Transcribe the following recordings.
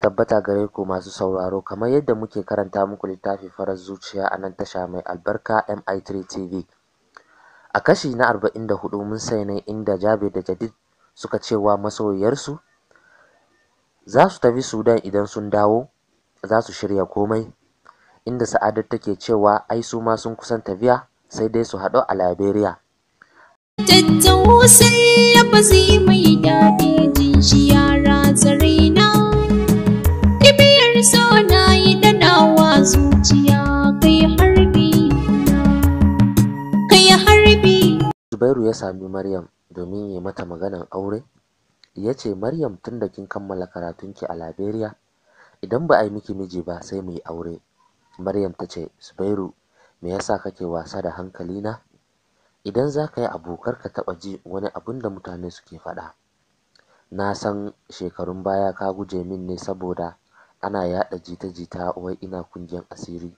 tabbata gare ku masu sauraro kamar yadda muke karanta muku littafi farar zuciya a nan tasha mai albarka MI3 TV. A kashi na 44 mun sai ne inda Jabe da Jadid suka cewa masoyiyarsu za su tafi Sudan idan sun dawo za su shirya komai inda sa'adar take cewa ai su ma sun kusan tafiya sai dai su haɗu a Liberia. ya lafazi mai daɗi Zubairu ya sami Maryam domin ya mata maganar aure, ya ce, Maryam tun da kin kammala karatunki a Liberia, idan ba a yi miki miji ba sai mu yi aure. Maryam ta ce, Zubairu, me yasa kake wasa da hankalina? Idan za ka yi abu ka taɓa ji wani abun da mutane suke faɗa. Na san shekarun baya ka guje min ne saboda ana yaɗa jita-jita wai ina kungiyar asiri.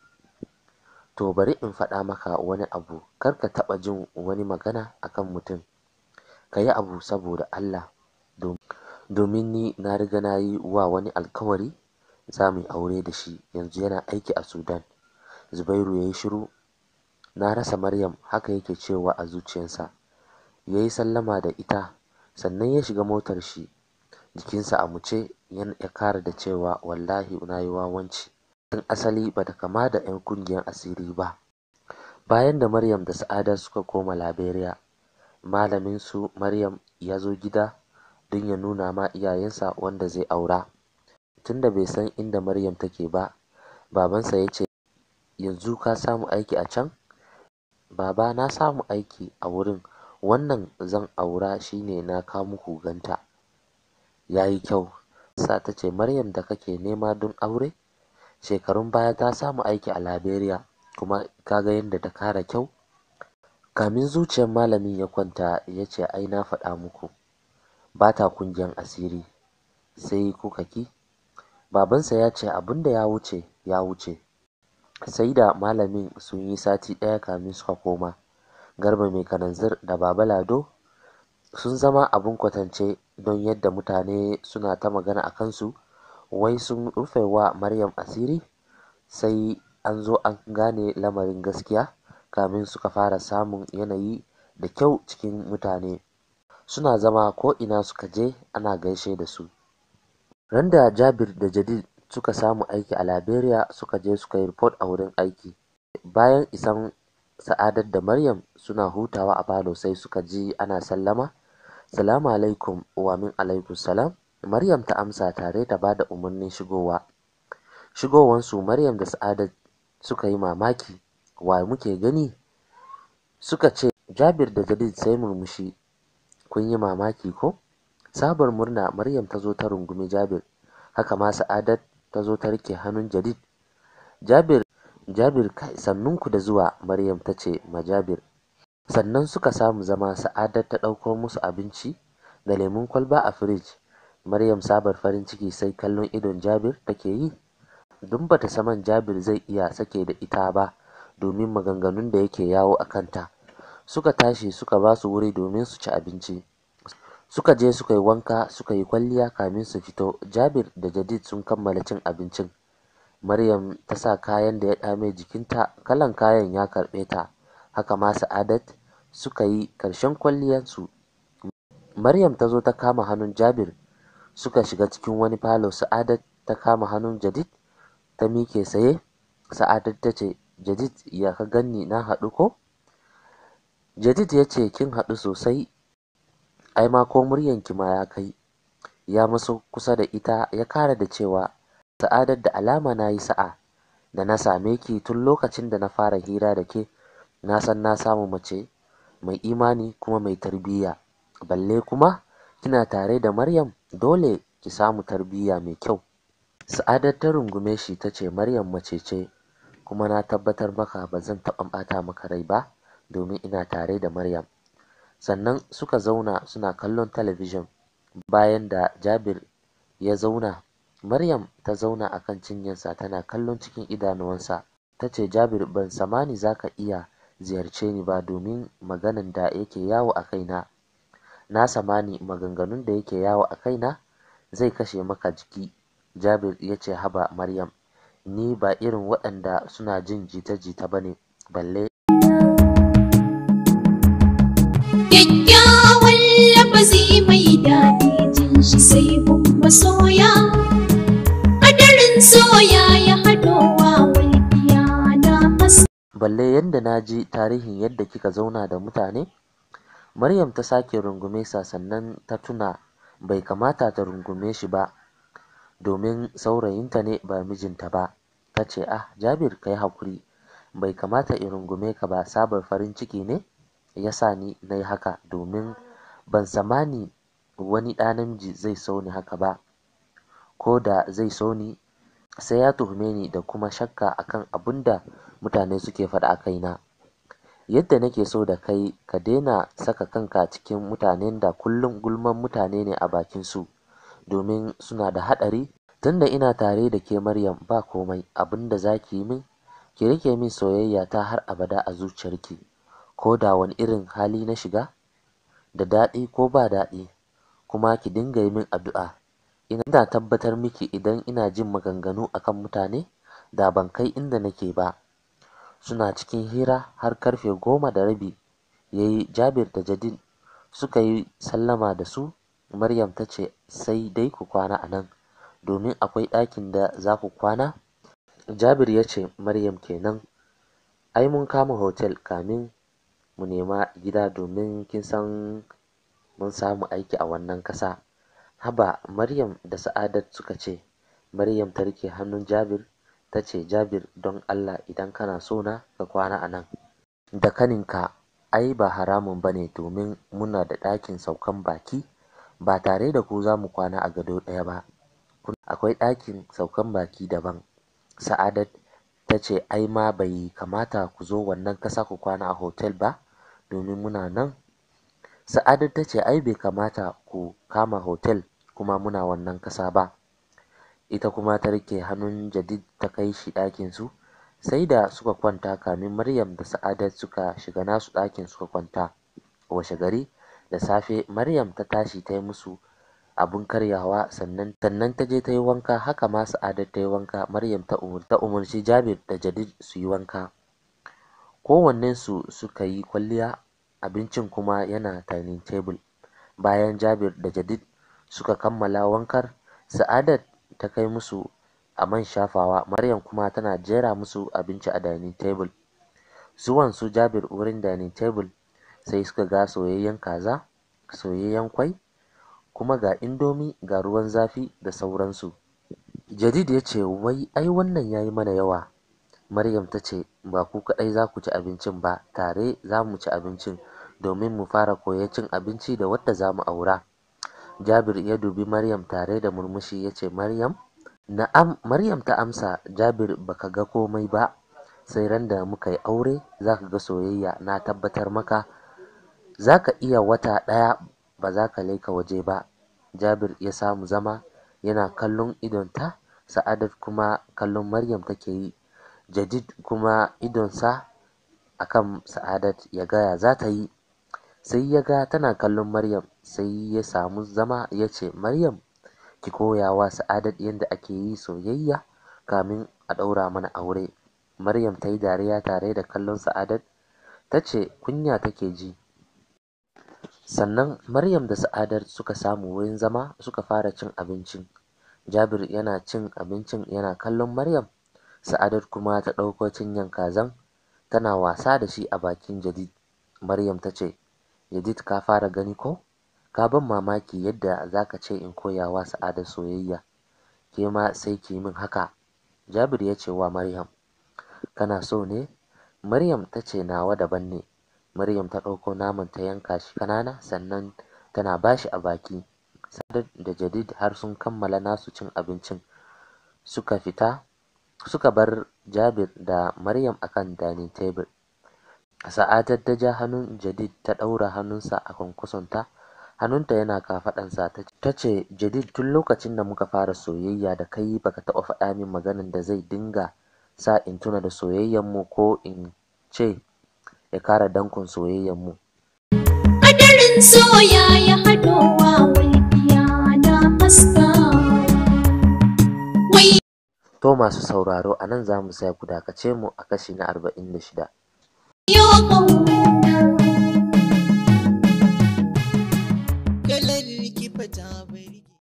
to bari in faɗa maka wani abu kar ka taɓa jin wani magana a kan mutum ka yi abu saboda Allah domin ni na riga na yi wa wani alkawari za mu yi aure da shi yanzu yana aiki a Sudan Zubairu ya yi shiru na rasa Maryam haka yake cewa a zuciyarsa ya yi sallama da ita sannan ya shiga motar shi jikinsa a muce ya kara da cewa wallahi na yi wawanci tun asali bata kama da 'yan ƙungiyar asiri ba. Bayan da Maryam da Sa'ada suka koma Liberia, malamin su Maryam ya zo gida don ya nuna ma iyayensa wanda zai aura. Tunda bai san inda Maryam take ba, babansa ya ce, Yanzu ka samu aiki a can? Baba na samu aiki a wurin, wannan zan aura shine na kamu muku ganta. Ya yi kyau, sa ta ce Maryam da kake nema don aure? shekarun baya ta samu aiki a Liberia kuma ka ga yadda ta kara kyau kamin zuciyar malamin ya kwanta ya ce ai na faɗa muku ba ta kungiyan asiri sai kuka ki babansa ya ce abin da ya wuce ya wuce sai da malamin sun yi sati ɗaya kamin suka koma garba mai kananzir da baba lado sun zama abin kwatance don yadda mutane suna ta magana a kansu wai sun rufe wa Maryam asiri sai an zo an gane lamarin gaskiya kamin suka fara samun yanayi da kyau cikin mutane suna zama ko ina suka je ana gaishe da su randa Jabir da Jadid suka samu aiki a Liberia suka je suka yi report a wurin aiki bayan isan sa'adar da Maryam suna hutawa a falo sai suka ji ana sallama salamu alaikum wa min alaikum salam Maryam ta amsa tare da bada umarnin shigowa. Shigowansu Maryam da Sa'adat suka yi mamaki, wa muke gani? Suka ce, Jabir da Jalil sai murmushi, kun yi mamaki ko? Sabar murna Maryam ta zo ta rungumi Jabir, haka ma Sa'adat ta zo ta rike hannun Jalil. Jabir, Jabir kai sannunku da zuwa Maryam ta ce ma Jabir. Sannan suka samu zama Sa'adat ta ɗauko musu abinci da lemun kwalba a firij. Maryam sabar farin ciki sai kallon idon Jabir take yi, don bata saman Jabir zai iya sake da ita ba domin maganganun da yake yawo a kanta. Suka tashi suka ba su wuri domin su ci abinci. Suka je suka yi wanka suka yi kwalliya kamin su fito, Jabir da Jadid sun kammala cin abincin. Maryam ta sa kayan da ya ɗame jikinta, kalan kayan ya karɓe ta, haka ma Sa'adat suka yi ƙarshen kwalliyarsu. Maryam ta zo ta kama hannun Jabir Suka shiga cikin wani falo, Sa'adat ta kama hannun Jadid ta miƙe tsaye. Sa'adat ta ce, Jadid ya ka ganni na haɗu ko? Jadid ya ce, kin haɗu sosai, ai ma ko muryanki ma ya kai. Ya maso kusa da ita ya kara da cewa, Sa'adat da alama na yi sa'a, da na same ki tun lokacin da na fara hira da ke, na san na samu mace mai imani kuma mai tarbiyya. Balle kuma kina tare da Maryam dole ki samu tarbiyya mai kyau sa'adar ta rungume shi ta ce Maryam mace ce kuma na tabbatar maka ba zan taɓa ɓata maka rai ba domin ina tare da Maryam. Sannan suka zauna suna kallon talabijin bayan da Jabir ya zauna Maryam ta zauna a kan cinyarsa tana kallon cikin idanuwansa ta ce Jabir ban samani za ka iya ziyarce ni ba domin maganan da yake yawo a kaina Na samani maganganun da yake yawo a kaina zai kashe maka jiki. Jabir ya ce haba Maryam, ni ba irin waɗanda suna jin jita-jita ba ne, balle. mai Balle yadda na ji tarihin yadda kika zauna da mutane Maryam ta sake rungume sa sannan ta tuna bai kamata ta rungume shi ba domin saurayinta ne ba mijinta ba. Ta ce, "Ah, Jabir ka yi haƙuri, bai kamata in rungume ka ba, sabar farin ciki ne ya sa ni na yi haka domin ban samani wani ɗa namiji zai so ni haka ba, ko da zai so ni sai ya tuhume ni da kuma shakka a kan abin da mutane suke faɗa a kaina." yadda nake so da kai ka daina saka kanka cikin mutanen da kullum gulman mutane ne a bakin su, domin suna da haɗari tunda ina tare da ke Maryam ba komai abin da za ki yi min ki rike min soyayya ta har abada a zuciyarki ko da wani irin hali na shiga da daɗi ko ba daɗi kuma ki dinga yi min addu'a ina tabbatar miki idan ina jin maganganu akan mutane da ban kai inda nake ba Suna cikin hira har karfe goma da rabi yayi Jabir da Jadin suka yi sallama da su. Maryam ta ce sai dai ku kwana a nan, domin akwai ɗakin da za ku kwana. Jabir ya ce Maryam kenan, ai mun kama hotel kamin mu nema gida domin kin san mun samu aiki a wannan ƙasa. Haba Maryam da Sa'adat suka ce, Maryam ta rike hannun Jabir ta ce Jabir don Allah idan kana so na ka kwana a nan. Da kaninka ai ba haramun ba ne domin muna da ɗakin saukan baki ba tare da ku za mu kwana a gado ɗaya ba. Akwai ɗakin saukan baki daban. Sa'adat ta ce ai ma bai kamata ku zo wannan ƙasa ku kwana a hotel ba domin muna nan. Sa'adat ta ce ai bai kamata ku kama hotel kuma muna wannan ƙasa ba. ita kuma ta rike hannun Jadid ta kai shi ɗakin su sai da suka kwanta kamin Maryam da Sa'adat suka shiga nasu ɗakin suka kwanta washe gari da safe Maryam ta tashi ta yi musu abun karyawa sannan sannan ta je ta yi wanka haka ma Sa'adat ta yi wanka Maryam ta umur ta Jabir da Jadid su yi wanka kowannen su suka yi kwalliya abincin kuma yana dining table bayan Jabir da Jadid suka kammala wankar Sa'adat ta kai musu a man shafawa Maryam kuma tana jera musu abinci a dining table. Zuwan su Jabir wurin dining table sai suka ga soyayyen kaza, soyayyen kwai, kuma ga indomi ga ruwan zafi da sauransu. Jadid ya ce wai ai wannan yayi mana yawa. Maryam ta ce ba ku kaɗai za ku ci abincin ba tare za mu ci abincin domin mu fara koyon cin abinci da wadda za mu aura. Jabir ya dubi Maryam tare da murmushi ya ce, Maryam? Na'am, Maryam ta amsa, Jabir baka ga komai ba, sai ran da muka yi aure za ka ga soyayya na tabbatar maka, za ka iya wata ɗaya ba za ka laika waje ba. Jabir ya samu zama yana kallon idon ta Sa'adat kuma kallon Maryam take yi, Jadid kuma idonsa akan Sa'adat ya gaya za ta yi. sai ya ga tana kallon Maryam sai ya samu zama ya ce Maryam ki koya wa Sa'adat yadda ake yi soyayya kamin a ɗaura mana aure. Maryam ta yi dariya tare da kallon Sa'adat ta ce kunya take ji. Sannan Maryam da Sa'adat suka samu wurin zama suka fara cin abinci, Jabir yana cin abincin yana kallon Maryam, Sa'adat kuma ta ɗauko cinyan kazan tana wasa da shi a bakin Jadid. Maryam ta ce, Edith ka fara gani ko? Ka ban mamaki yadda za ka ce in koya wa sa'adar soyayya, ke ma sai ki min haka, Jabir ya ce wa Maryam. Kana so ne? Maryam ta ce nawa daban ne. Maryam ta ɗauko naman ta yanka shi kanana sannan tana bashi a baki. sadar da Jadid har sun kammala nasu cin abincin suka fita suka bar Jabir da Maryam akan dining table. Sa'adat ta ja hannun Jadid ta ɗaura hannunsa a kwankwasonta, hannunta yana kafaɗansa ta ce, Jadid tun lokacin da muka fara soyayya da kai baka taɓa faɗa min maganan da zai dinga sa in tuna da mu ko in ce ya kara dankon soyayyanmu. Ƙadarin soya To masu sauraro a nan za mu saya ku dakace mu a kashi na arba'in da shida. 有梦。